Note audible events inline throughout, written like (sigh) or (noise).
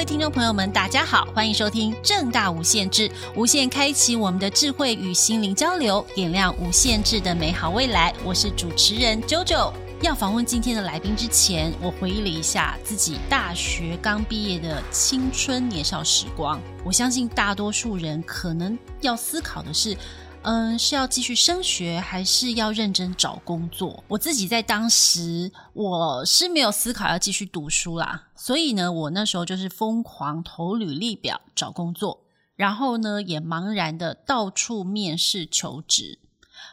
各位聽眾朋友們，大家好，歡迎收聽政大無限制，無限開啟我們的智慧與心靈交流，點亮無限制的美好未來。我是主持人 Jojo。要訪問今天的來賓之前，我回憶了一下自己大學剛畢業的青春年少時光。我相信大多數人可能要思考的是。嗯，是要繼續升學還是要認真找工作？我自己在當時我是沒有思考要繼續讀書啦，所以呢，我那時候就是瘋狂投履歷表找工作，然後呢，也茫然的到處面試求職。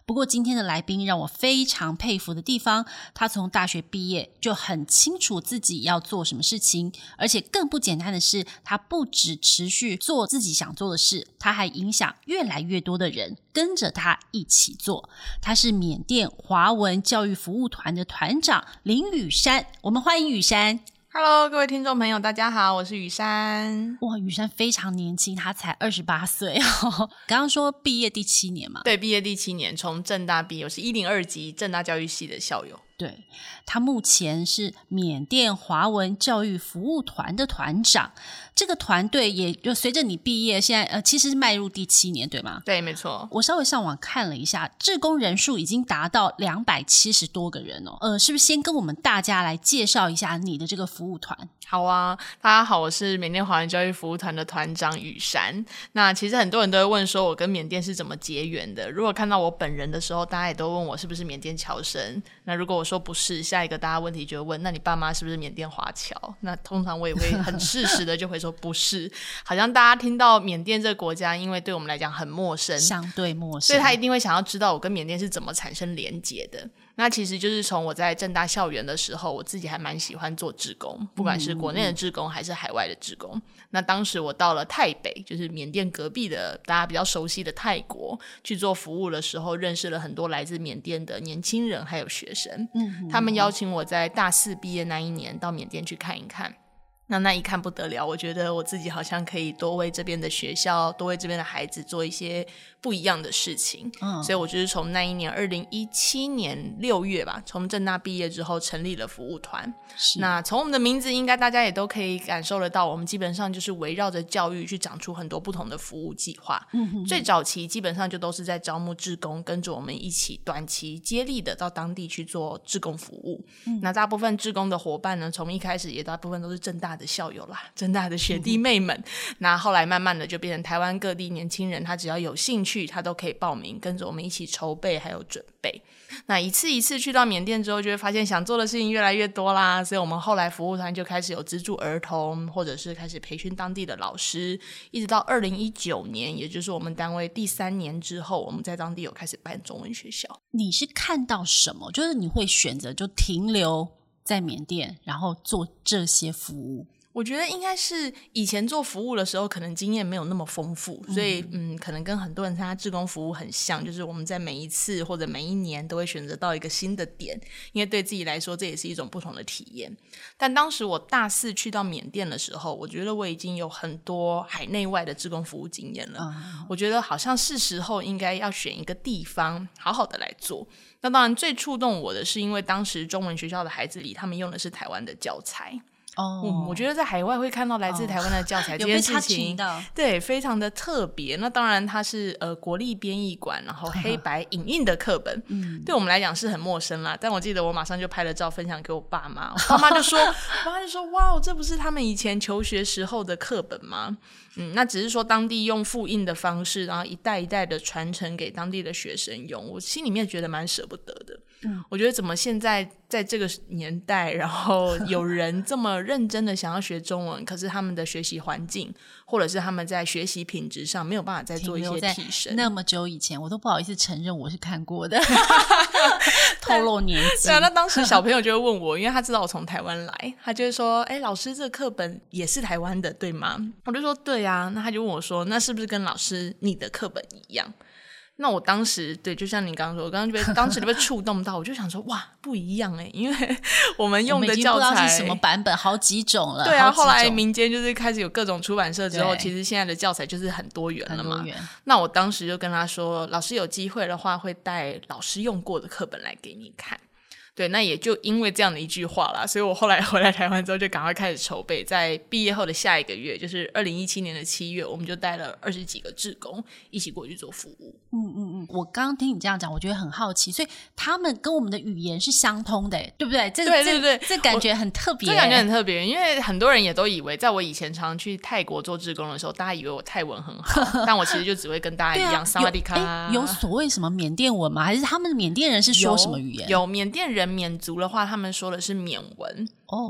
不過今天的來賓讓我非常佩服的地方，他從大學畢業就很清楚自己要做什麼事情，而且更不簡單的是，他不只持續做自己想做的事，他還影響越來越多的人跟着他一起做。他是緬甸華文教育服務團的團長林語珊，我們歡迎語珊。哈嘍，Hello, 各位聽眾朋友，大家好，我是語珊。哇，語珊非常年輕，她才二十八歲哦。 (laughs) 剛剛說畢業第七年嘛。對，畢業第七年，從政大畢業，我是一零二級政大教育系的校友。對，他目前是緬甸華文教育服務團的團長，這個團隊也就隨着你畢業，現在呃其實是邁入第七年，對嗎？對，沒錯。我稍微上網看了一下，志工人數已經達到兩百七十多個人哦。呃，是不是先跟我們大家來介紹一下你的這個服務團？好啊，大家好，我是緬甸華文教育服務團的團長語珊。那其實很多人都會問說，我跟緬甸是怎麼結緣的？如果看到我本人的時候，大家也都問我是不是緬甸僑生。那如果我說不是，下一個大家問題就會問：那你爸媽是不是緬甸華僑？那通常我也會很適時的就會說不是。 (laughs) 好像大家聽到緬甸這個國家，因為對我們來講很陌生，相對陌生，所以他一定會想要知道我跟緬甸是怎麼產生連結的。那其實就是從我在政大校園的時候，我自己還蠻喜歡做志工，不管是國內的志工還是海外的志工。嗯嗯嗯，那當時我到了泰北，就是緬甸隔壁的大家比較熟悉的泰國去做服務的時候，認識了很多來自緬甸的年輕人還有學生。嗯哼，他們邀請我在大四畢業那一年到緬甸去看一看。那那一看不得了，我覺得我自己好像可以多為這邊的學校、多為這邊的孩子做一些不一樣的事情。嗯，Oh. 所以我就是從那一年二零一七年六月吧，從政大畢業之後成立了服務團。是，那從我們的名字應該大家也都可以感受得到，我們基本上就是圍繞着教育去長出很多不同的服務計劃。嗯嗯、mm，hmm. 最早期基本上就都是在招募志工，跟着我們一起短期接力的到當地去做志工服務。嗯、mm，hmm. 那大部分志工的夥伴呢，從一開始也大部分都是政大。的校友啦，政大的學弟妹們。嗯、那後來慢慢的就變成台灣各地年輕人，他只要有興趣，他都可以報名跟着我們一起籌備還有準備。那一次一次去到緬甸之後，就會發現想做的事情越來越多啦。所以我們後來服務團就開始有資助兒童，或者是開始培訓當地的老師。一直到二零一九年，也就是我們單位第三年之後，我們在當地有開始辦中文學校。你是看到什麼？就是你會選擇就停留？在緬甸，然後做這些服務。我覺得應該是以前做服務的時候，可能經驗沒有那麼豐富，嗯、所以嗯，可能跟很多人參加志工服務很像，就是我們在每一次或者每一年都會選擇到一個新的點，因為對自己來說這也是一種不同的體驗。但當時我大四去到緬甸的時候，我覺得我已經有很多海內外的志工服務經驗了，嗯、我覺得好像是時候應該要選一個地方好好的來做。那當然最觸動我的，是因為當時中文學校的孩子裡，他們用的是台灣的教材。哦、oh, 嗯，我覺得在海外會看到來自台灣的教材，oh, 這件事情，對，非常的特別。那當然，它是呃國立編譯館，然後黑白影印的課本，對，啊、對我們來講是很陌生啦。但我記得我馬上就拍了照，分享給我爸媽，我爸媽就說，爸媽 (laughs) 就說，哇、哦，這不是他們以前求學時候的課本嗎？嗯，那只是說當地用複印的方式，然後一代一代的傳承給當地的學生用。我心裡面覺得蠻捨不得的。嗯，我覺得怎麼現在在這個年代，然後有人這麼認真的想要學中文， (laughs) 可是他們的學習環境或者是他們在學習品質上沒有辦法再做一些提升。那麼久以前，我都不好意思承認我是看過的， (laughs) (laughs) (laughs) 透露年紀。 (laughs) 對對、啊。那當時小朋友就會問我， (laughs) 因為他知道我從台灣來，他就會說：“哎，老師，這個課本也是台灣的對嗎？”我就說：“對呀、啊。”那他就問我說：“那是不是跟老師你的課本一樣？”那我當時對，就像你剛剛說，我剛剛覺得當時就被觸動到， (laughs) 我就想說哇，不一樣誒，因為我們用的教材，我不知道是什麼版本，好幾種了，對啊，後來民間就是開始有各種出版社之後，對其實現在的教材就是很多元了嘛。很多元。那我當時就跟他說，老師有機會的話，會帶老師用過的課本來給你看。對，那也就因為這樣的一句話啦，所以我後來回來台灣之後，就趕快開始籌備，在畢業後的下一個月，就是二零一七年的七月，我們就帶了二十幾個志工一起過去做服務。嗯嗯嗯，我剛剛聽你這樣講，我覺得很好奇，所以他們跟我們的語言是相通的、欸，對不對？這個、對對對這，這感覺很特別、欸。這感覺很特別，因為很多人也都以為，在我以前常，常去泰國做志工的時候，大家以為我泰文很好， (laughs) 但我其實就只會跟大家一樣，薩瓦迪卡。啊、有哎，有所謂什麼緬甸文嗎？還是他們緬甸人是說什麼語言？有，有緬甸人。緬族的話，他們，說的是緬文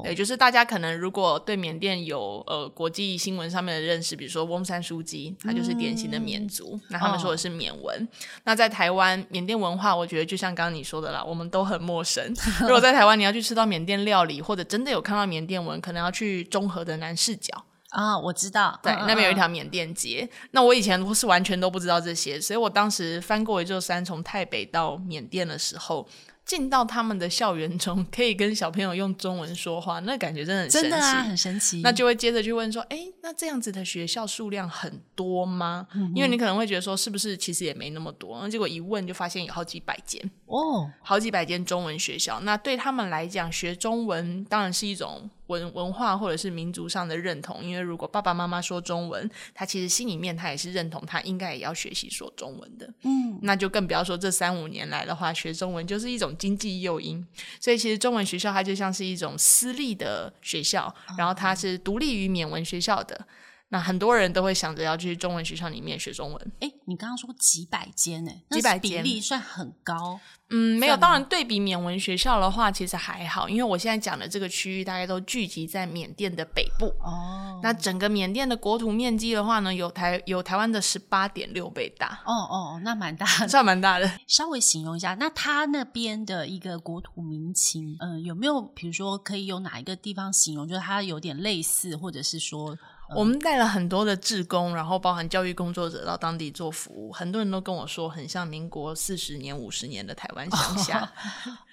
也，oh. 就是大家可能如果對緬甸有呃國際新聞上面的認識，比如說翁山蘇姬，他就是典型的緬族，mm. 那他們說的是緬文。Oh. 那在台灣，緬甸文化我覺得就像剛剛你說的啦，我們都很陌生。 (laughs) 如果在台灣你要去吃到緬甸料理，或者真的有看到緬甸文，可能要去中和的南勢角啊，oh, 我知道，對，uh uh. 那邊有一條緬甸街。那我以前是完全都不知道這些，所以我當時翻過一座山，從泰北到緬甸的時候，進到他們的校園中，可以跟小朋友用中文說話，那感覺真的很神奇，真的啊、很神奇。那就會接着去問說：“哎、欸，那這樣子的學校數量很多嗎？”嗯嗯，因為你可能會覺得說：“是不是其實也沒那麼多？”那結果一問就發現有好幾百間哦，好幾百間中文學校。那對他們來講，學中文當然是一種。文文化，或者是民族上的認同，因為如果爸爸媽媽說中文，他其實心裡面他也是認同，他應該也要學習說中文的。嗯，那就更不要說這三五年來的話，學中文就是一種經濟誘因。所以其實中文學校它就像是一種私立的學校，然後它是獨立於緬文學校的。那很多人都會想着要去中文學校裡面學中文。哎，你剛剛說幾百間誒，那比例算很高。嗯，沒有，哪當然對比緬文學校的話，其實還好，因為我現在講的這個區域，大概都聚集在緬甸的北部。哦，那整個緬甸的國土面積的話呢，有台有台灣的十八點六倍大。哦哦，那蠻大的，算蠻大的。稍微形容一下，那他那邊的一個國土民情，嗯、呃，有沒有比如說可以有哪一個地方形容，就是他有點類似，或者是說？嗯、我們帶了很多的志工，然後包含教育工作者到當地做服務。很多人都跟我說，很像民國四十年、五十年的台灣鄉下。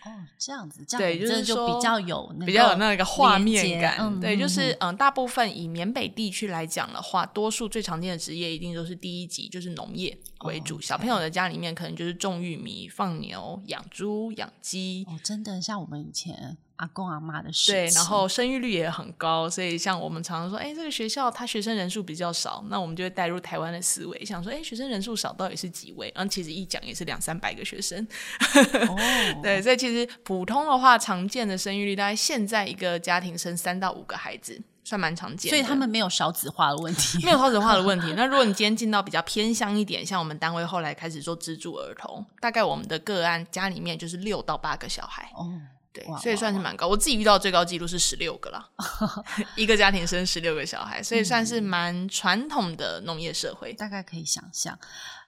哦，這樣子，這樣子，對，就是說比較有那個比較有那個畫面感。面感嗯、對，就是嗯、呃，大部分以緬北地區來講的話，多數最常見的職業一定都是第一級，就是農業為主。哦 okay. 小朋友的家裡面可能就是種玉米、放牛、養豬、養雞。哦，真的像我們以前。阿公阿媽的事，對，然後生育率也很高，所以像我們常常說，哎、欸，這個學校他學生人數比較少，那我們就會帶入台灣的思維，想說，哎、欸，學生人數少到底是幾位？嗯、啊，其實一講也是兩三百個學生。Oh. 對，所以其實普通的話，常見的生育率大概現在一個家庭生三到五個孩子，算蠻常見的，所以他們沒有少子化的問題， (laughs) 沒有少子化的問題。 (laughs) 那如果你今天進到比較偏鄉一點，像我們單位後來開始做資助兒童，大概我們的個案家裡面就是六到八個小孩。Oh. 對，wow, 所以算是蠻高。Wow, wow. 我自己遇到最高紀錄是十六個啦， (laughs) 一個家庭生十六個小孩，所以算是蠻傳統的農業社會。 (noise) 大概可以想象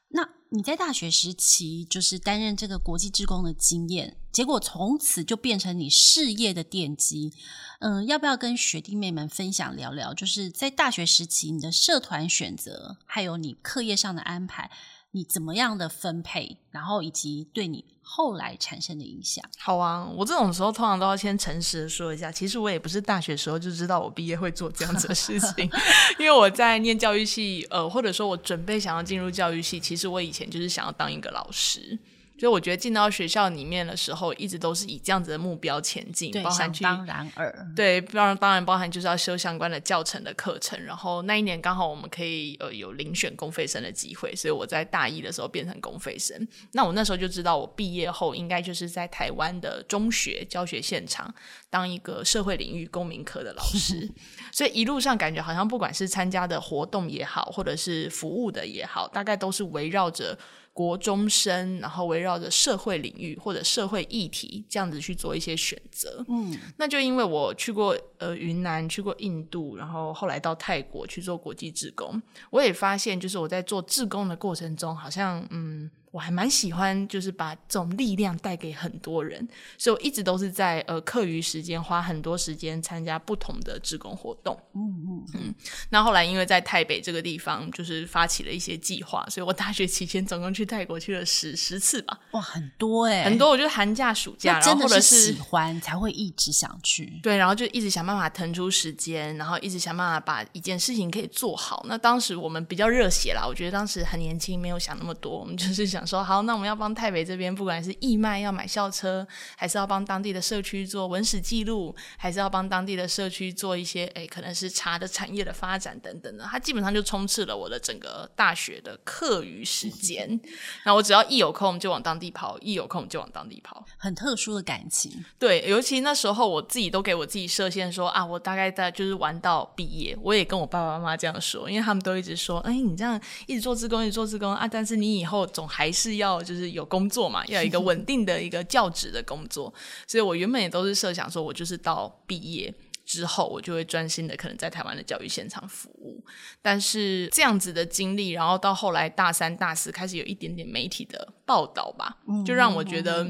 那你在大學時期就是擔任這個國際志工的經驗，結果從此就變成你事業的奠基。嗯，要不要跟學弟妹們分享聊聊？就是在大學時期你的社團選擇，還有你課業上的安排，你怎麼樣的分配，然後以及對你。後來產生的影響。好啊，我這種時候通常都要先誠實的說一下，其實我也不是大學時候就知道我畢業會做這樣子的事情， (laughs) 因為我在念教育系，呃，或者說我準備想要進入教育系，其實我以前就是想要當一個老師。所以我覺得進到學校裡面的時候，一直都是以這樣子的目標前進，對包含當然而對，當然包含就是要修相關的教程的課程。然後那一年剛好我們可以有遴選公費生的機會，所以我在大一的時候變成公費生。那我那時候就知道我畢業後應該就是在台灣的中學教學現場當一個社會領域公民科的老師。 (laughs) 所以一路上感覺好像不管是參加的活動也好，或者是服務的也好，大概都是圍繞着。國中生，然後圍繞着社會領域或者社會議題這樣子去做一些選擇。嗯，那就因為我去過呃雲南，去過印度，然後後來到泰國去做國際志工，我也發現，就是我在做志工的過程中，好像嗯。我還蠻喜歡，就是把這種力量帶給很多人，所以我一直都是在呃課餘時間花很多時間參加不同的志工活動。嗯嗯嗯。那後來因為在泰北這個地方，就是發起了一些計劃，所以我大學期間總共去泰國去了十十次吧。哇，很多哎、欸，很多！我覺得寒假、暑假、真的暑假，然後或者是喜歡才會一直想去。對，然後就一直想辦法騰出時間，然後一直想辦法把一件事情可以做好。那當時我們比較熱血啦，我覺得當時很年輕，沒有想那麼多，我們就是想。 (laughs) 說好，那我們要幫泰北這邊，不管是義賣要買校車，還是要幫當地的社區做文史記錄，還是要幫當地的社區做一些，誒可能是茶的產業的發展等等的。它基本上就充斥了我的整個大學的課餘時間。那 (laughs) 我只要一有空就往當地跑，一有空就往當地跑。很特殊的感情，對，尤其那時候我自己都給我自己設限說，說啊，我大概在就是玩到畢業。我也跟我爸爸媽媽這樣說，因為他們都一直說，哎、欸，你這樣一直做志工，一直做志工啊，但是你以後總還。還是要就是有工作嘛，要有一個穩定的一個教職的工作。是是。所以我原本也都是設想說，我就是到畢業之後，我就會專心的可能在台灣的教育現場服務。但是這樣子的經歷，然後到後來大三、大四開始有一點點媒體的報道吧，嗯，就讓我覺得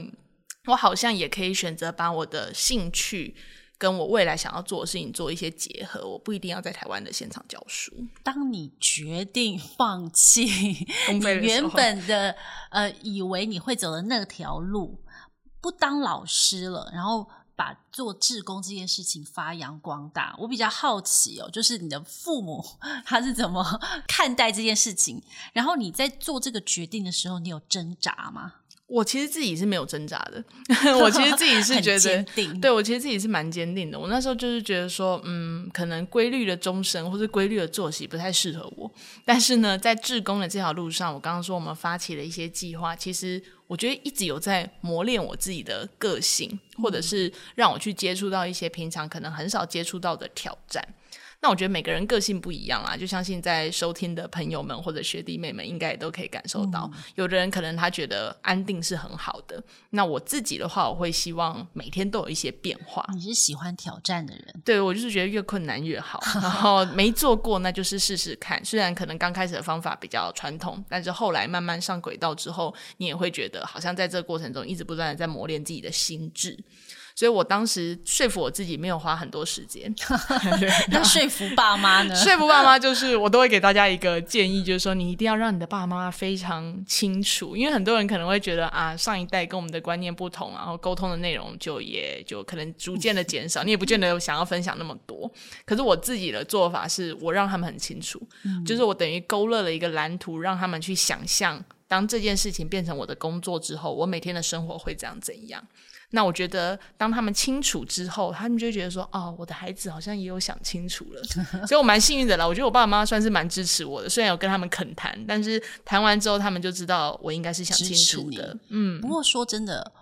我好像也可以選擇把我的興趣。跟我未來想要做的事情做一些結合，我不一定要在台灣的現場教書。當你決定放棄你原本的，的，原本的呃以為你會走的那條路，不當老師了，然後把做志工這件事情發揚光大，我比較好奇哦，就是你的父母他是怎麼看待這件事情？然後你在做這個決定的時候，你有掙扎嗎？我其實自己是沒有掙扎的， (laughs) 我其實自己是覺得， (laughs) 定對我其實自己是蠻堅定的。我那時候就是覺得說，嗯，可能規律的鐘聲或是規律的作息不太適合我，但是呢，在志工的這條路上，我剛剛說我們發起了一些計劃，其實我覺得一直有在磨練我自己的個性，嗯、或者是讓我去接觸到一些平常可能很少接觸到的挑戰。那我覺得每個人個性不一樣啦、啊，就相信在收聽的朋友們或者學弟妹們，應該也都可以感受到，嗯、有的人可能他覺得安定是很好的。那我自己的話，我會希望每天都有一些變化。你是喜歡挑戰的人？對，我就是覺得越困難越好。 (laughs) 然後沒做過，那就是試試看。雖然可能剛開始的方法比較傳統，但是後來慢慢上軌道之後，你也會覺得好像在這個過程中一直不斷的在磨練自己的心智。所以我當時說服我自己沒有花很多時間， (laughs) 那， (laughs) 那說服爸媽呢？ (laughs) 說服爸媽就是我都會給大家一個建議， (laughs) 就是說你一定要讓你的爸媽非常清楚，因為很多人可能會覺得啊，上一代跟我們的觀念不同，然後溝通的內容就也就可能逐漸的減少，嗯、你也不見得有想要分享那麼多。可是我自己的做法是我讓他們很清楚，嗯、就是我等於勾勒了一個藍圖，讓他們去想象，當這件事情變成我的工作之後，我每天的生活會怎樣怎樣。那我覺得，當他們清楚之後，他們就會覺得說：“哦，我的孩子好像也有想清楚了。”所以，我蠻幸運的啦，我覺得我爸爸媽媽算是蠻支持我的，雖然有跟他們懇談，但是談完之後，他們就知道我應該是想清楚的。嗯。不過說真的，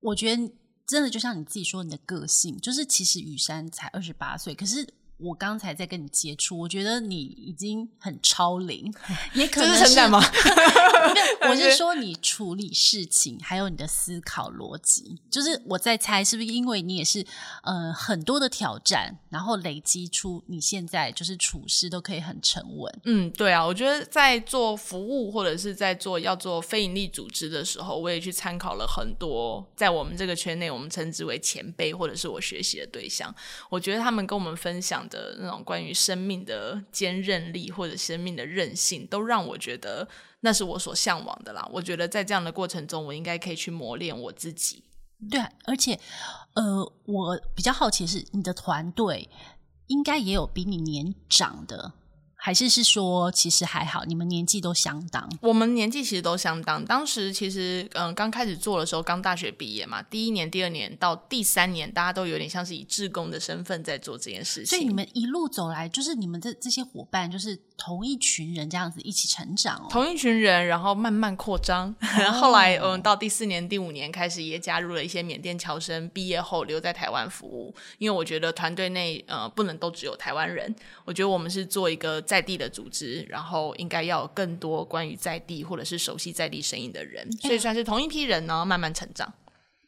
我覺得真的就像你自己說，你的個性就是，其實語珊才二十八歲，可是。我剛才在跟你接觸，我覺得你已經很超齡，也可能是，是嗎？ (laughs) 沒有。我是說，你處理事情 (laughs) 還有你的思考邏輯，就是我在猜，是不是因為你也是呃很多的挑戰，然後累積出你現在就是處事都可以很沉穩。嗯，對啊，我覺得在做服務或者是在做要做非營利組織的時候，我也去參考了很多在我們這個圈內我們稱之為前輩或者是我學習的對象，我覺得他們跟我們分享。的那種關於生命的堅韌力或者生命的韌性，都讓我覺得那是我所嚮往的啦。我覺得在這樣的過程中，我應該可以去磨練我自己。對啊，而且，呃，我比較好奇是你的團隊應該也有比你年長的。還是是說，其實還好，你們年紀都相當。我們年紀其實都相當。當時其實，嗯，剛開始做的時候，剛大學畢業嘛，第一年、第二年到第三年，大家都有點像是以志工的身份在做這件事情。所以你們一路走來，就是你們這這些夥伴，就是同一群人這樣子一起成長。哦。同一群人，然後慢慢擴張。然後來，哦、嗯，到第四年、第五年開始，也加入了一些緬甸僑生，畢業後留在台灣服務。因為我覺得團隊內，呃，不能都只有台灣人。我覺得我們是做一個在在地的組織，然後應該要有更多關於在地或者是熟悉在地聲音的人，所以算是同一批人呢，慢慢成長。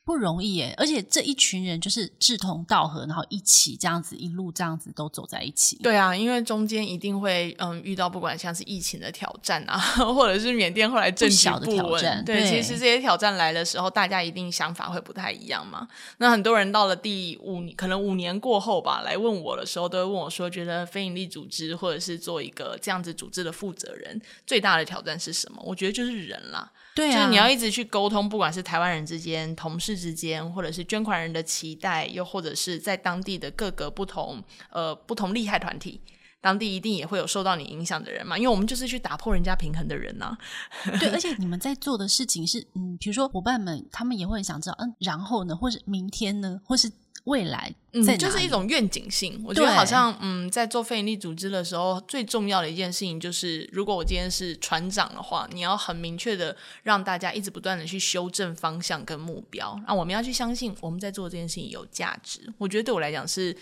不容易耶，而且這一群人就是志同道合，然後一起這樣子一路這樣子都走在一起。對啊，因為中間一定會嗯遇到不管像是疫情的挑戰啊，或者是緬甸後來政局不穩，不小的挑戰，對，對其實這些挑戰來的時候，大家一定想法會不太一樣嘛。那很多人到了第五年，可能五年過後吧，來問我的時候，都會問我說，覺得非營利組織或者是做一個這樣子組織的負責人，最大的挑戰是什麼？我覺得就是人啦，對啊。就是你要一直去溝通，不管是台灣人之間同事。之間，或者是捐款人的期待，又或者是在當地的各個不同呃不同利害團體，當地一定也會有受到你影響的人嘛？因為我們就是去打破人家平衡的人呢、啊，對， (laughs) 而且你們在做的事情是，嗯，比如說夥伴們，他們也會想知道，嗯，然後呢，或是明天呢，或是。未來嗯，就是一種願景性。我覺得好像對嗯，在做非營利組織的時候，最重要的一件事情就是，如果我今天是船長的話，你要很明確的讓大家一直不斷的去修正方向跟目標。啊，我們要去相信我們在做這件事情有價值。我覺得對我來講是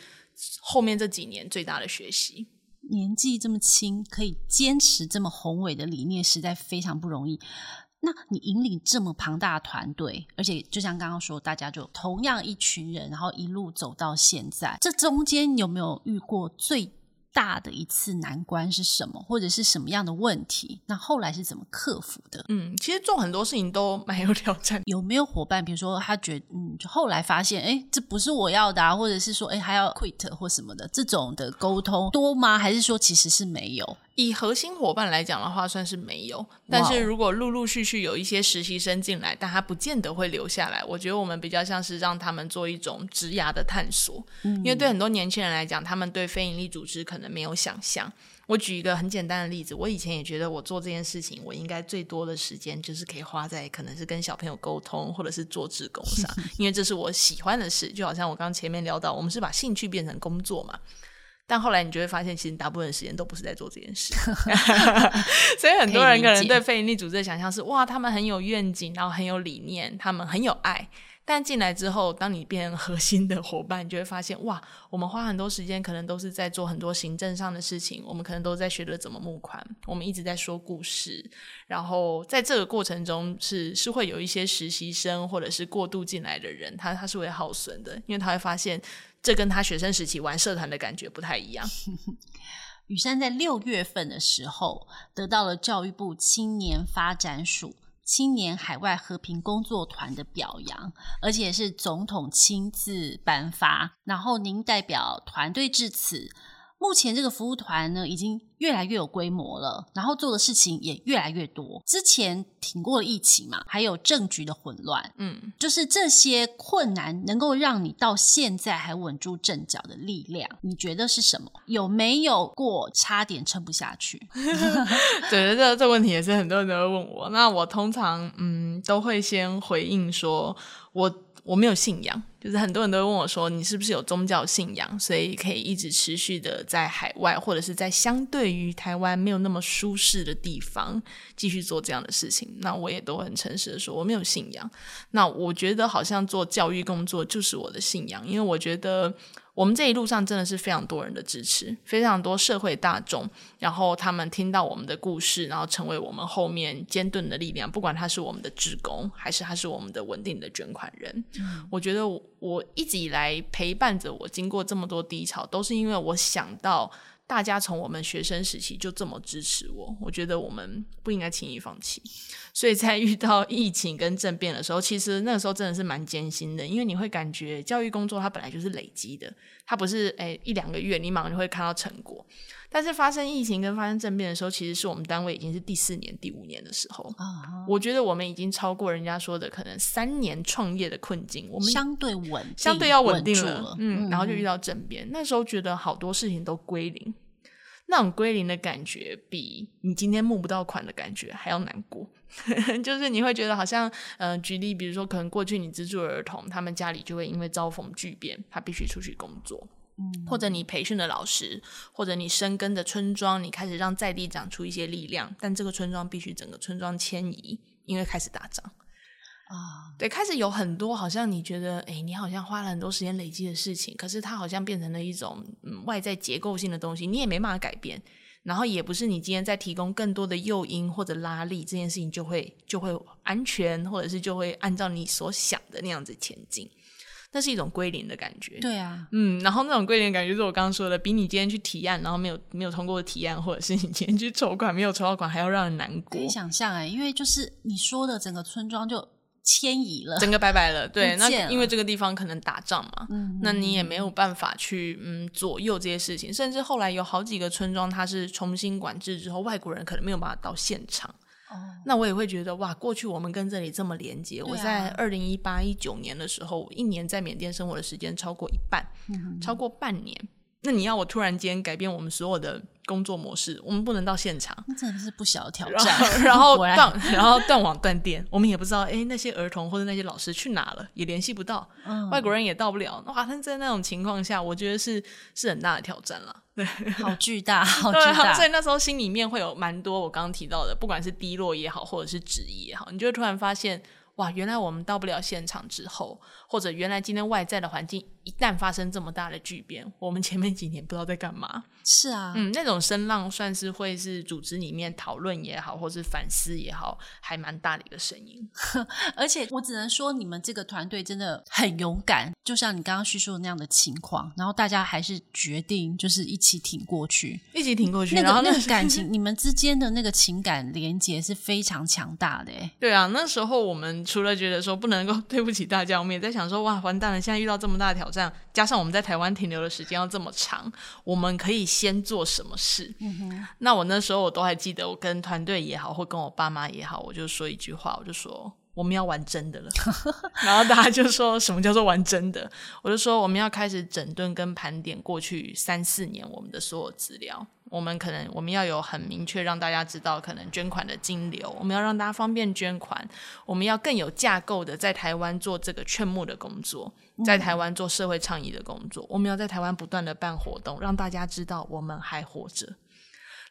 後面這幾年最大的學習。年紀這麼輕，可以堅持這麼宏偉的理念，實在非常不容易。那你引領這麼龐大的團隊，而且就像剛剛說，大家就同樣一群人，然後一路走到現在，這中間有沒有遇過最大的一次難關是什麼，或者是什麼樣的問題？那後來是怎麼克服的？嗯，其實做很多事情都蠻有挑戰。有沒有伙伴，比如說他覺得，嗯，就後來發現，哎，這不是我要的啊，或者是說，哎，還要 quit 或什麼的，這種的溝通多嗎？還是說其實是沒有？以核心伙伴來講的話，算是沒有。但是如果陸陸續續有一些實習生進來，Wow 但他不見得會留下來。我覺得我們比較像是讓他們做一種職涯的探索，嗯、因為對很多年輕人來講，他們對非盈利組織可能沒有想象。我舉一個很簡單的例子，我以前也覺得我做這件事情，我應該最多的時間就是可以花在可能是跟小朋友溝通，或者是做志工上，是是是因為這是我喜歡的事。就好像我剛前面聊到，我們是把興趣變成工作嘛。但後來你就會發現，其實大部分時間都不是在做這件事， (laughs) (laughs) 所以很多人可能對非營利組織的想象是：哇，他們很有願景，然後很有理念，他們很有愛。但進來之後，當你變成核心的夥伴，你就會發現：哇，我們花很多時間，可能都是在做很多行政上的事情；我們可能都在學着怎麼募款；我們一直在說故事。然後在這個過程中是，是是會有一些實習生或者是過渡進來的人，他他是會耗損的，因為他會發現。這跟他學生時期玩社團的感覺不太一樣。 (noise) 語珊在六月份的時候得到了教育部青年發展署青年海外和平工作團的表揚，而且是總統親自頒發。然後您代表團隊致詞。目前這個服務團呢，已經越來越有規模了，然後做的事情也越來越多。之前挺過了疫情嘛，還有政局的混亂，嗯，就是這些困難能夠讓你到現在還穩住陣腳的力量，你覺得是什麼？有沒有過差點撐不下去？對 (laughs) 這這問題也是很多人都會問我。那我通常嗯都會先回應說，我我沒有信仰。就是很多人都問我說：“你是不是有宗教信仰，所以可以一直持續的在海外，或者是在相對於台灣沒有那麼舒適的地方繼續做這樣的事情？”那我也都很誠實的說，我沒有信仰。那我覺得好像做教育工作就是我的信仰，因為我覺得我們這一路上真的是非常多人的支持，非常多社會大眾，然後他們聽到我們的故事，然後成為我們後面堅盾的力量。不管他是我們的職工，還是他是我們的穩定的捐款人，嗯、我覺得我一直以來陪伴着我，經過這麼多低潮，都是因為我想到大家從我們學生時期就這麼支持我，我覺得我們不應該輕易放棄。所以在遇到疫情跟政變的時候，其實那個時候真的是蠻艱辛的，因為你會感覺教育工作它本來就是累積的，它不是誒、哎、一兩個月你馬上就會看到成果。但是發生疫情跟發生政變的時候，其實是我們單位已經是第四年、第五年的時候。啊，我覺得我們已經超過人家說的可能三年創業的困境。我們相對穩，相對要穩定了。了，嗯，然後就遇到政變，嗯，那時候覺得好多事情都歸零，那種歸零的感覺比你今天募不到款的感覺還要難過。 (laughs) 就是你會覺得好像，嗯，呃，舉例，比如說，可能過去你資助兒童，他們家裡就會因為遭逢巨變，他必須出去工作。或者你培訓的老師，或者你深耕的村莊，你開始讓在地長出一些力量，但這個村莊必須整個村莊遷移，因為開始打仗啊。嗯、對，開始有很多好像你覺得，誒、欸，你好像花了很多時間累積的事情，可是它好像變成了一種、嗯、外在結構性的東西，你也沒辦法改變。然後也不是你今天在提供更多的誘因或者拉力，這件事情就會就會安全，或者是就會按照你所想的那樣子前進。那是一種歸零的感覺，對啊，嗯，然後那種歸零的感覺就是我剛剛說的，比你今天去提案，然後沒有沒有通過的提案，或者是你今天去籌款沒有籌到款，還要讓人難過。可以想象哎，因為就是你說的整個村莊就遷移了，整個拜拜了，對，那因為這個地方可能打仗嘛，嗯哼，那你也沒有辦法去嗯左右這些事情，甚至後來有好幾個村莊它是重新管制之後，外國人可能沒有辦法到現場。那我也會覺得哇，過去我們跟這裡這麼連接。啊、我在二零一八一九年的時候，一年在緬甸生活的時間超過一半，嗯、哼超過半年。那你要我突然間改變我們所有的？工作模式，我們不能到現場，那真的是不小的挑戰。然後，然後斷，來然後斷網斷電，我們也不知道，哎，那些兒童或者那些老師去哪了，也聯繫不到，嗯，外國人也到不了。哇，但在那種情況下，我覺得是是很大的挑戰了，對，好巨大，好巨大。所以那時候心裡面會有蠻多我剛剛提到的，不管是低落也好，或者是質疑也好，你就會突然發現，哇，原來我們到不了現場之後，或者原來今天外在的環境。一旦發生這麼大的巨變，我們前面幾年不知道在幹嘛？是啊，嗯，那種聲浪算是會是組織裡面討論也好，或是反思也好，還蠻大的一個聲音。而且我只能說，你們這個團隊真的很勇敢。就像你剛剛敘述的那樣的情況，然後大家還是決定就是一起挺過去，一起挺過去。然後那個感情， (laughs) 你們之間的那個情感連接是非常強大的欸。對啊，那時候我們除了覺得說不能夠對不起大家，我們也在想說，哇，完蛋了，現在遇到這麼大的挑戰。這樣，加上我們在台灣停留的時間要這麼長，我們可以先做什麼事？嗯哼，那我那時候我都還記得，我跟團隊也好，或跟我爸媽也好，我就說一句話，我就說。我們要玩真的了， (laughs) 然後大家就說什麼叫做玩真的？我就說我們要開始整頓跟盤點過去三四年我們的所有資料。我們可能我們要有很明確讓大家知道可能捐款的金流，我們要讓大家方便捐款，我們要更有架構的在台灣做這個勸募的工作，在台灣做社會倡議的工作，我們要在台灣不斷的辦活動，讓大家知道我們還活着。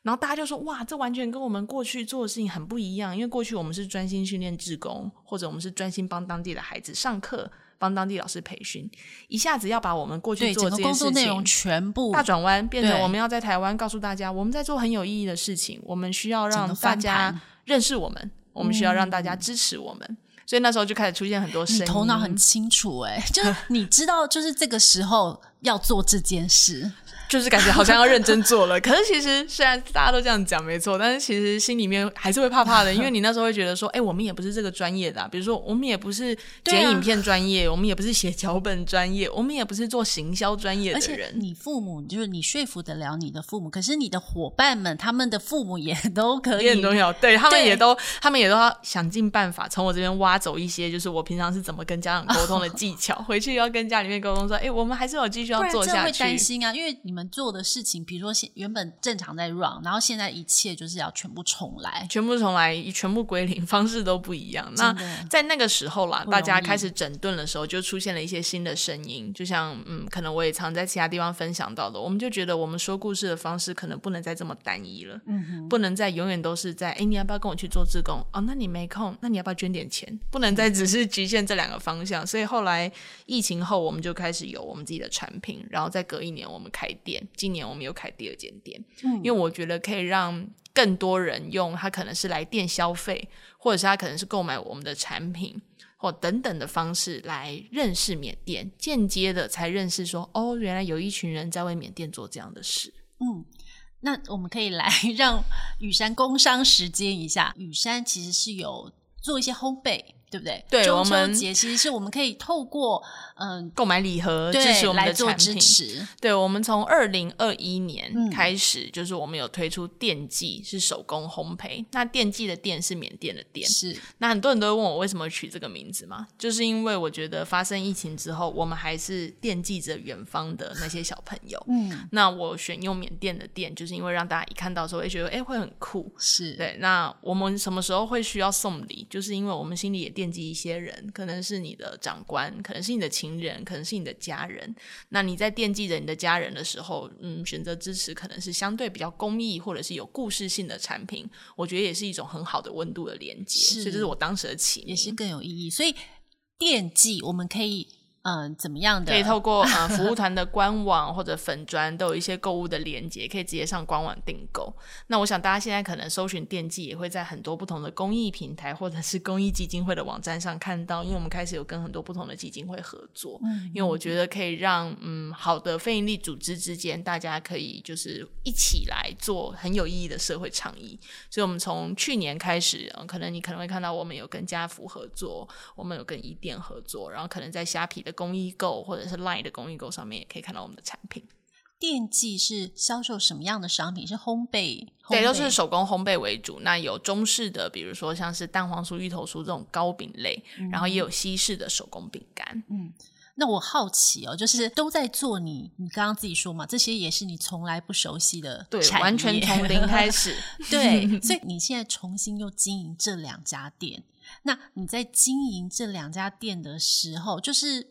然後大家就說：“哇，這完全跟我們過去做的事情很不一樣，因為過去我們是專心訓練志工，或者我們是專心幫當地的孩子上課，幫當地老師培訓。一下子要把我們過去做這件事情對整個工作內容全部大轉彎，對變成我們要在台灣告訴大家，我們在做很有意義的事情，我們需要讓大家認識我們，我們需要讓大家支持我們。嗯、所以那時候就開始出現很多聲音。頭腦很清楚、欸，哎，就是你知道，就是這個時候。”要做這件事，就是感覺好像要認真做了。 (laughs) 可是其實雖然大家都這樣講沒錯，但是其實心裡面還是會怕怕的， (laughs) 因為你那時候會覺得說，哎、欸，我們也不是這個專業的、啊，比如說我們也不是剪影片專業，啊、我們也不是寫腳本專業，我們也不是做行銷專業的人。你父母就是你說服得了你的父母，可是你的夥伴們，他們的父母也都可以，也很重要。對,對他們也都，他們也都要想盡辦法從我這邊挖走一些，就是我平常是怎麼跟家長溝通的技巧， (laughs) 回去要跟家裡面溝通說，哎、欸，我們還是有繼續。要做下去，對啊，這會擔心啊，因為你們做的事情，比如說現原本正常在 run，然後現在一切就是要全部重來，全部重來，全部歸零，方式都不一樣。那的在那個時候啦，大家開始整頓的時候，就出現了一些新的聲音。就像嗯，可能我也常在其他地方分享到的，我們就覺得我們說故事的方式可能不能再這麼單一了，嗯哼，不能再永遠都是在哎，你要不要跟我去做志工？哦，那你沒空？那你要不要捐點錢？不能再只是局限這兩個方向。嗯、哼所以後來疫情後，我們就開始有我們自己的產品。品，然後再隔一年我們開店。今年我們又開第二間店，嗯、因為我覺得可以讓更多人用他，可能是來店消費，或者是他可能是購買我們的產品，或等等的方式來認識緬甸，間接的才認識說，哦，原來有一群人在為緬甸做這樣的事。嗯，那我們可以來讓語珊工商時間一下，語珊其實是有做一些烘焙。對不對？對，中秋節其實是我們可以透過嗯購買禮盒對支持我們的產品。支持對，我們從二零二一年開始，就是我們有推出甸記是手工烘焙，嗯。那甸記的甸是緬甸的甸，是。那很多人都會問我為什麼取這個名字嗎？就是因為我覺得發生疫情之後，我們還是惦記着遠方的那些小朋友。嗯。那我選用緬甸的甸，就是因為讓大家一看到之後，會覺得哎會很酷。是對。那我們什麼時候會需要送禮？就是因為我們心裡也惦。惦記一些人，可能是你的長官，可能是你的情人，可能是你的家人。那你在惦記着你的家人的時候，嗯，選擇支持可能是相對比較公益或者是有故事性的產品，我覺得也是一種很好的溫度的連接。是，所以這是我當時的情，也是更有意義。所以，惦記我們可以。嗯，怎麼樣的？可以透過呃服務團的官網或者粉專都有一些購物的鏈接， (laughs) 可以直接上官網訂購。那我想大家現在可能搜尋甸記，也會在很多不同的公益平台或者是公益基金會的網站上看到，因為我們開始有跟很多不同的基金會合作。嗯嗯，因為我覺得可以讓嗯好的非營利組織之間大家可以就是一起來做很有意義的社會倡議。所以我們從去年開始，嗯、呃，可能你可能會看到我們有跟家福合作，我們有跟伊甸合作，然後可能在蝦皮的。公益購或者是 LINE 的公益購上面也可以看到我們的產品。甸記是銷售什麼樣的商品？是烘焙？烘焙對，都是手工烘焙為主。那有中式的，比如說像是蛋黃酥、芋頭酥這種糕餅類，嗯、然後也有西式的手工餅乾。嗯，那我好奇哦，就是都在做你，你剛剛自己說嘛，這些也是你從來不熟悉的。對，完全從零開始。 (laughs) 對， (laughs) 所以你現在重新又經營這兩家店，那你在經營這兩家店的時候，就是。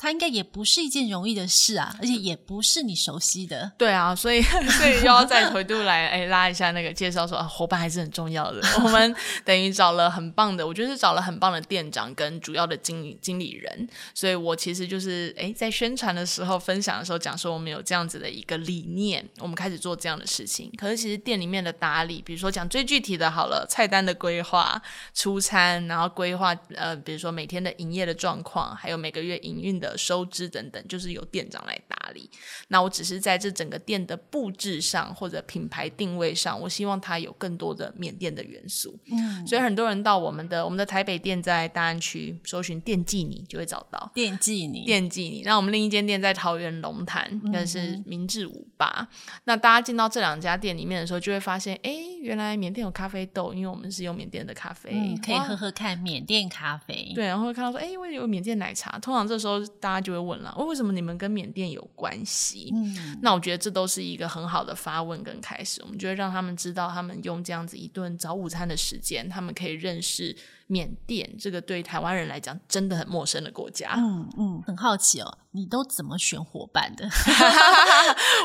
他應該也不是一件容易的事啊，而且也不是你熟悉的。對啊，所以所以就要再回頭來 (laughs) 哎，拉一下那個介紹說，說啊，夥伴還是很重要的。 (laughs) 我們等於找了很棒的，我覺得是找了很棒的店長跟主要的經經理人。所以我其實就是哎，在宣傳的時候分享的時候講說我們有這樣子的一個理念，我們開始做這樣的事情。可是其實店裡面的打理，比如說講最具體的好了，菜單的規劃、出餐，然後規劃呃比如說每天的營業的狀況，還有每個月營運的收支等等，就是由店長來打理。那我只是在這整個店的布置上或者品牌定位上，我希望它有更多的緬甸的元素。嗯、所以很多人到我們的我們的台北店在大安區搜尋甸記你就會找到甸記你、甸記你。那我們另一間店在桃園龍潭，嗯、但是民治五八。那大家進到這兩家店裡面的時候，就會發現，哎、欸，原來緬甸有咖啡豆，因為我們是用緬甸的咖啡、嗯，可以喝喝看緬甸咖啡。哇對，然後會看到說，哎、欸，我有緬甸奶茶，通常這時候。大家就會問了，為什麼你們跟緬甸有關係？嗯、那我覺得這都是一個很好的發問跟開始，我們就會讓他們知道，他們用這樣子一頓早午餐的時間，他們可以認識。緬甸這個對台灣人來講真的很陌生的國家，嗯嗯，很好奇哦，你都怎麼選夥伴的？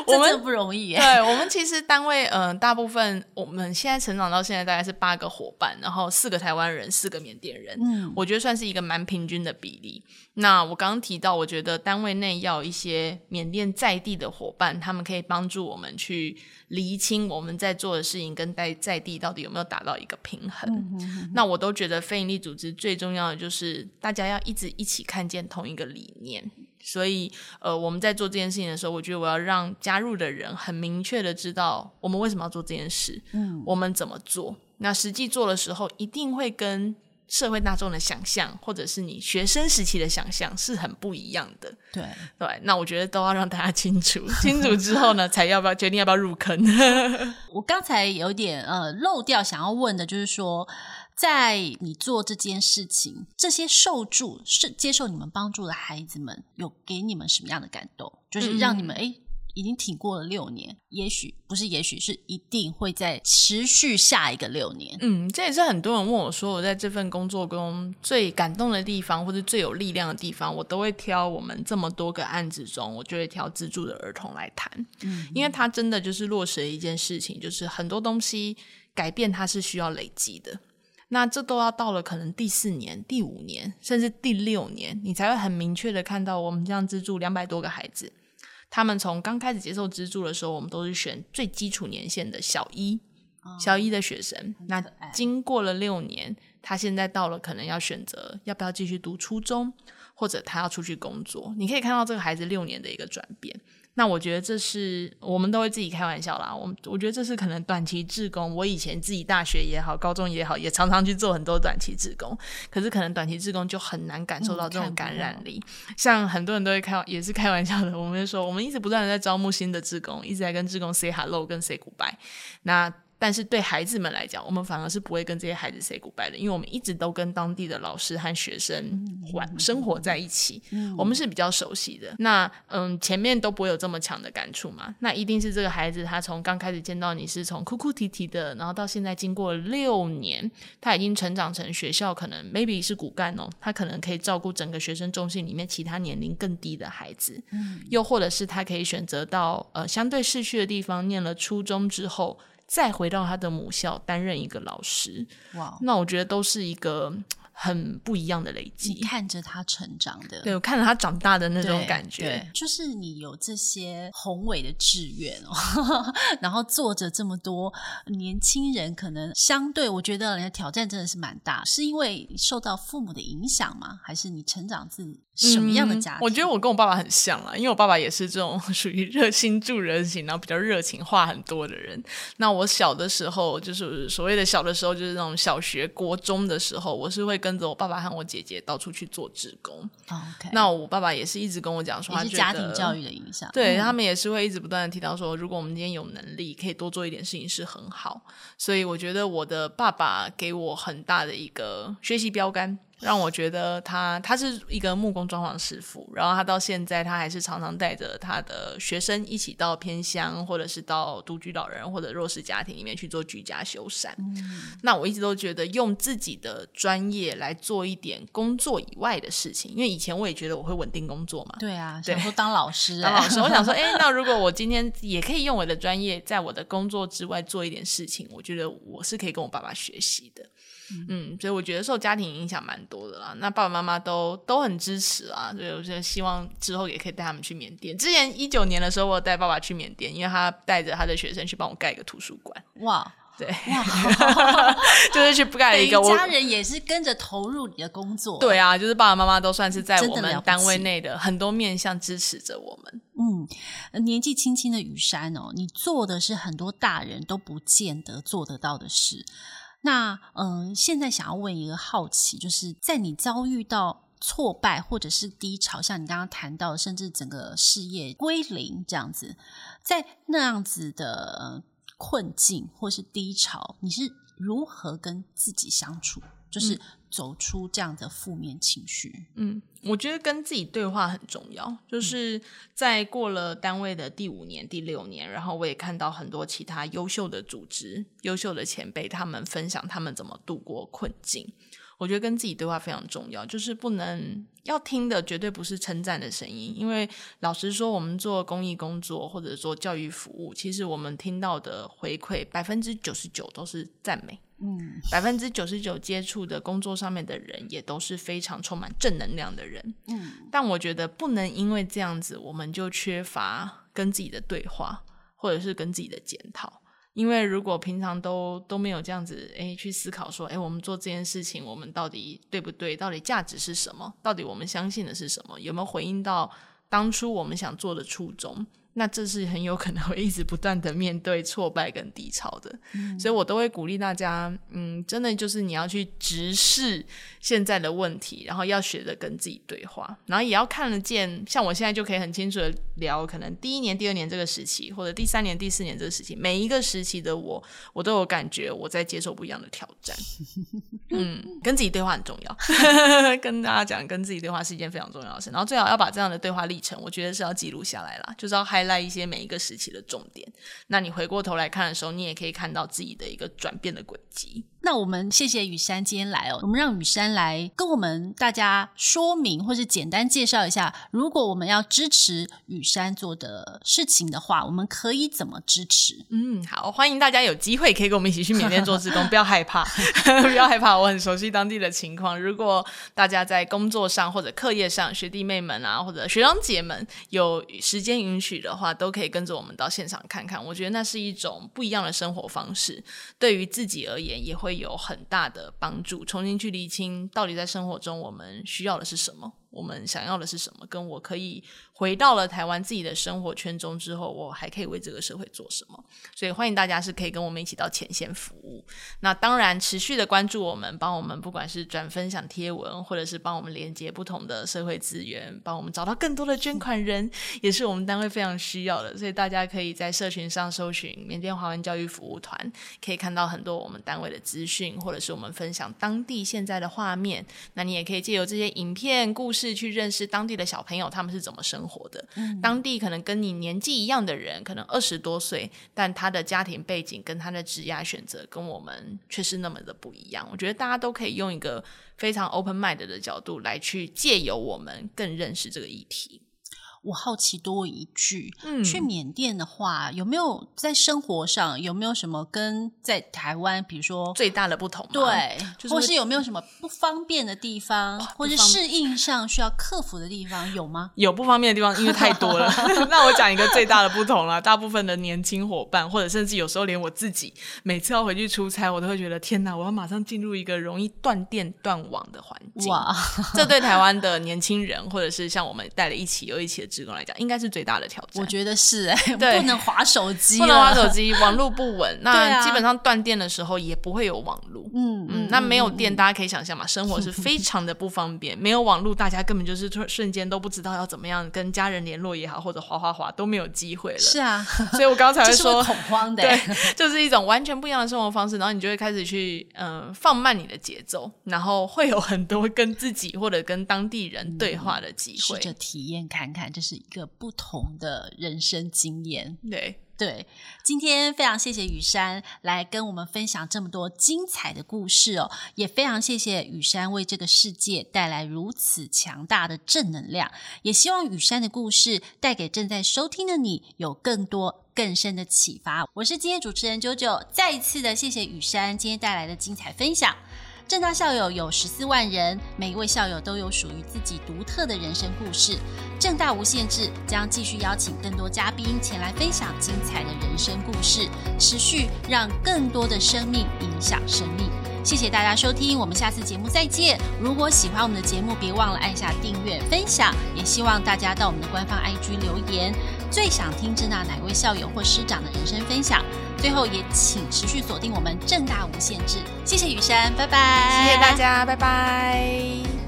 真的不容易耶。對，我們其實單位，嗯、呃，大部分我們現在成長到現在大概是八個夥伴，然後四個台灣人，四個緬甸人，嗯，我覺得算是一個蠻平均的比例。那我剛剛提到，我覺得單位內要一些緬甸在地的夥伴，他們可以幫助我們去釐清我們在做的事情跟在在地到底有沒有達到一個平衡。嗯哼嗯哼，那我都覺得非。營利組織，最重要的就是大家要一直一起看見同一個理念，所以呃，我們在做這件事情的時候，我覺得我要讓加入的人很明確地知道我們為什麼要做這件事，嗯，我們怎麼做。那實際做的時候，一定會跟社會大眾的想象，或者是你學生時期的想象是很不一樣的。對對，那我覺得都要讓大家清楚，清楚之後呢， (laughs) 才要不要決定要不要入坑。 (laughs) 我剛才有點呃漏掉，想要問的就是說。在你做這件事情，這些受助、是接受你們幫助的孩子們，有給你們什麼樣的感動？就是讓你們哎、嗯，已經挺過了六年，也許不是，也許是一定會再持續下一個六年。嗯，這也是很多人問我說，我在這份工作中最感動的地方，或者最有力量的地方，我都會挑我們這麼多個案子中，我就會挑資助的兒童來談，嗯，因為他真的就是落實了一件事情，就是很多東西改變，它是需要累積的。那這都要到了可能第四年、第五年，甚至第六年，你才會很明確的看到我們這樣資助兩百多個孩子，他們從剛開始接受資助的時候，我們都是選最基礎年限的小一，oh, 小一的學生。那經過了六年，他現在到了可能要選擇要不要繼續讀初中，或者他要出去工作。你可以看到這個孩子六年的一個轉變。那我覺得這是我們都會自己開玩笑啦。我我覺得這是可能短期志工，我以前自己大學也好，高中也好，也常常去做很多短期志工。可是可能短期志工就很難感受到這種感染力。嗯、像很多人都會開，也是開玩笑的，我們就說，我們一直不斷的在招募新的志工，一直在跟志工 say hello，跟 say goodbye。那。但是對孩子們來講，我們反而是不會跟這些孩子 say goodbye 的，因為我們一直都跟當地的老師和學生玩生活在一起，我們是比較熟悉的。那嗯，前面都不會有這麼強的感觸嘛？那一定是這個孩子，他從剛開始見到你是從哭哭啼啼的，然後到現在經過了六年，他已經成長成學校可能 maybe 是骨幹哦，他可能可以照顧整個學生中心裡面其他年齡更低的孩子，又或者是他可以選擇到呃相對市區的地方念了初中之後。再回到他的母校擔任一個老師，哇！那我覺得都是一個很不一樣的累積，你看着他成長的，對我看着他長大的那種感覺對，對，就是你有這些宏偉的志願，哦。 (laughs) 然後做着這麼多年輕人，可能相對我覺得，人家挑戰真的是蠻大。是因為受到父母的影響嗎？還是你成長自己？什麼樣的家庭、嗯？我覺得我跟我爸爸很像啊，因為我爸爸也是這種屬於熱心助人型，然後比較熱情、話很多的人。那我小的時候，就是所謂的小的時候，就是那種小學、國中的時候，我是會跟着我爸爸和我姐姐到處去做志工。Okay. 那我爸爸也是一直跟我講說他，他家庭教育的影響，對他們也是會一直不斷的提到說，嗯、如果我們今天有能力，可以多做一點事情是很好。所以我覺得我的爸爸給我很大的一個學習標杆。讓我覺得他，他是一個木工裝潢師傅，然後他到現在他還是常常帶着他的學生一起到偏鄉，或者是到獨居老人或者弱勢家庭裡面去做居家修繕。嗯、那我一直都覺得用自己的專業來做一點工作以外的事情，因為以前我也覺得我會穩定工作嘛。對啊，對，想說當老師、欸、當老師， (laughs) 我想說，哎、欸，那如果我今天也可以用我的專業，在我的工作之外做一點事情，我覺得我是可以跟我爸爸學習的。嗯，所以我覺得受家庭影響蠻多的啦。那爸爸媽媽都都很支持啊，所以我就希望之後也可以帶他們去緬甸。之前一九年的時候，我有帶爸爸去緬甸，因為他帶着他的學生去幫我蓋一個圖書館。哇，對，哇， (laughs) 就是去蓋了一個。家人也是跟着投入你的工作。我對啊，就是爸爸媽媽都算是在我們單位內的很多面向支持着我們。嗯，年紀輕輕的語珊哦，你做的是很多大人都不見得做得到的事。那嗯，現在想要問一個好奇，就是在你遭遇到挫敗或者是低潮，像你剛剛談到，甚至整個事業歸零這樣子，在那樣子的困境或是低潮，你是如何跟自己相處？就是走出這樣的負面情緒。嗯，我覺得跟自己對話很重要。就是在過了單位的第五年、第六年，然後我也看到很多其他優秀的組織、優秀的前輩，他們分享他們怎麼度過困境。我覺得跟自己對話非常重要，就是不能，要聽的絕對不是稱讚的聲音，因為老實說，我們做公益工作或者說教育服務，其實我們聽到的回饋百分之九十九都是讚美。嗯，百分之九十九接觸的工作上面的人也都是非常充滿正能量的人。嗯，但我覺得不能因為這樣子，我們就缺乏跟自己的對話，或者是跟自己的檢討。因為如果平常都都沒有這樣子，欸，去思考說，欸，我們做這件事情，我們到底對不對？到底價值是什麼？到底我們相信的是什麼？有沒有回應到當初我們想做的初衷？那這是很有可能會一直不斷的面對挫敗跟低潮的。嗯、所以我都會鼓勵大家，嗯，真的就是你要去直視現在的問題，然後要學着跟自己對話，然後也要看得見，像我現在就可以很清楚的聊，可能第一年、第二年這個時期，或者第三年、第四年這個時期，每一個時期的我，我都有感覺我在接受不一樣的挑戰。 (laughs) 嗯，跟自己對話很重要， (laughs) 跟大家講，跟自己對話是一件非常重要的事，然後最好要把這樣的對話歷程，我覺得是要記錄下來啦，就是要還。在一些每一個時期的重點，那你回過頭來看的時候，你也可以看到自己的一個轉變的軌跡。那我們謝謝語珊今天來哦，我們讓語珊來跟我們大家說明，或是簡單介紹一下，如果我們要支持語珊做的事情的話，我們可以怎麼支持？嗯，好，歡迎大家有機會可以跟我們一起去緬甸做志工， (laughs) 不要害怕， (laughs) (laughs) 不要害怕，我很熟悉當地的情況。如果大家在工作上或者課業上學弟妹們啊，或者學長姐們有時間允許的話，都可以跟着我們到現場看看。我覺得那是一種不一樣的生活方式，對於自己而言也會。有很大的幫助，重新去釐清到底在生活中我們需要的是什麼。我們想要的是什麼？跟我可以回到了台灣自己的生活圈中之後，我還可以為這個社會做什麼？所以歡迎大家是可以跟我們一起到前線服務。那當然，持續的關注我們，幫我們不管是轉分享貼文，或者是幫我們連接不同的社會資源，幫我們找到更多的捐款人， (laughs) 也是我們單位非常需要的。所以大家可以在社群上搜尋緬甸華文教育服務團，可以看到很多我們單位的資訊，或者是我們分享當地現在的畫面。那你也可以借由這些影片、故事，去認識當地的小朋友，他們是怎麼生活的？嗯、當地可能跟你年紀一樣的人，可能二十多歲，但他的家庭背景跟他的職業選擇跟我們卻是那麼的不一樣。我覺得大家都可以用一個非常 open mind 的角度來去借由我們更認識這個議題。我好奇多一句，嗯、去緬甸的話，有沒有在生活上有沒有什麼跟在台灣，比如說最大的不同，對，就是、或是有沒有什麼不方便的地方，哇或是適應上需要克服的地方，有嗎？有不方便的地方，因為太多了。 (laughs) (laughs) 那我講一個最大的不同了、啊。大部分的年輕夥伴，或者甚至有時候連我自己，每次要回去出差，我都會覺得天哪，我要馬上進入一個容易斷電斷網的環境。哇， (laughs) 這對台灣的年輕人，或者是像我們帶了一起又一起的。始終來講，應該是最大的挑戰。我覺得是哎，不能滑手機，不能滑手機，網絡不穩。那基本上斷電的時候也不會有網絡。嗯嗯，那沒有電，大家可以想象嘛，生活是非常的不方便。沒有網絡，大家根本就是瞬間都不知道要怎麼樣跟家人聯絡也好，或者滑滑滑都沒有機會了。是啊，所以我剛才說恐慌的，對，就是一種完全不一樣的生活方式。然後你就會開始去嗯，放慢你的節奏，然後會有很多跟自己或者跟當地人對話的機會，試着體驗看看就是。是一個不同的人生經驗。對對，今天非常謝謝語珊來跟我們分享這麼多精彩的故事哦，也非常謝謝語珊為這個世界帶來如此強大的正能量。也希望語珊的故事帶給正在收聽的你有更多更深的啟發。我是今天主持人九九，再一次的謝謝語珊今天帶來的精彩分享。政大校友有十四萬人，每一位校友都有屬於自己獨特的人生故事。政大無限誌將繼續邀請更多嘉賓前來分享精彩的人生故事，持續讓更多的生命影響生命。謝謝大家收聽，我們下次節目再見。如果喜歡我們的節目，別忘了按下訂閱、分享，也希望大家到我們的官方 IG 留言，最想聽政大哪位校友或師長的人生分享。最後也請持續鎖定我們政大無限誌，謝謝語珊，拜拜，謝謝大家，拜拜。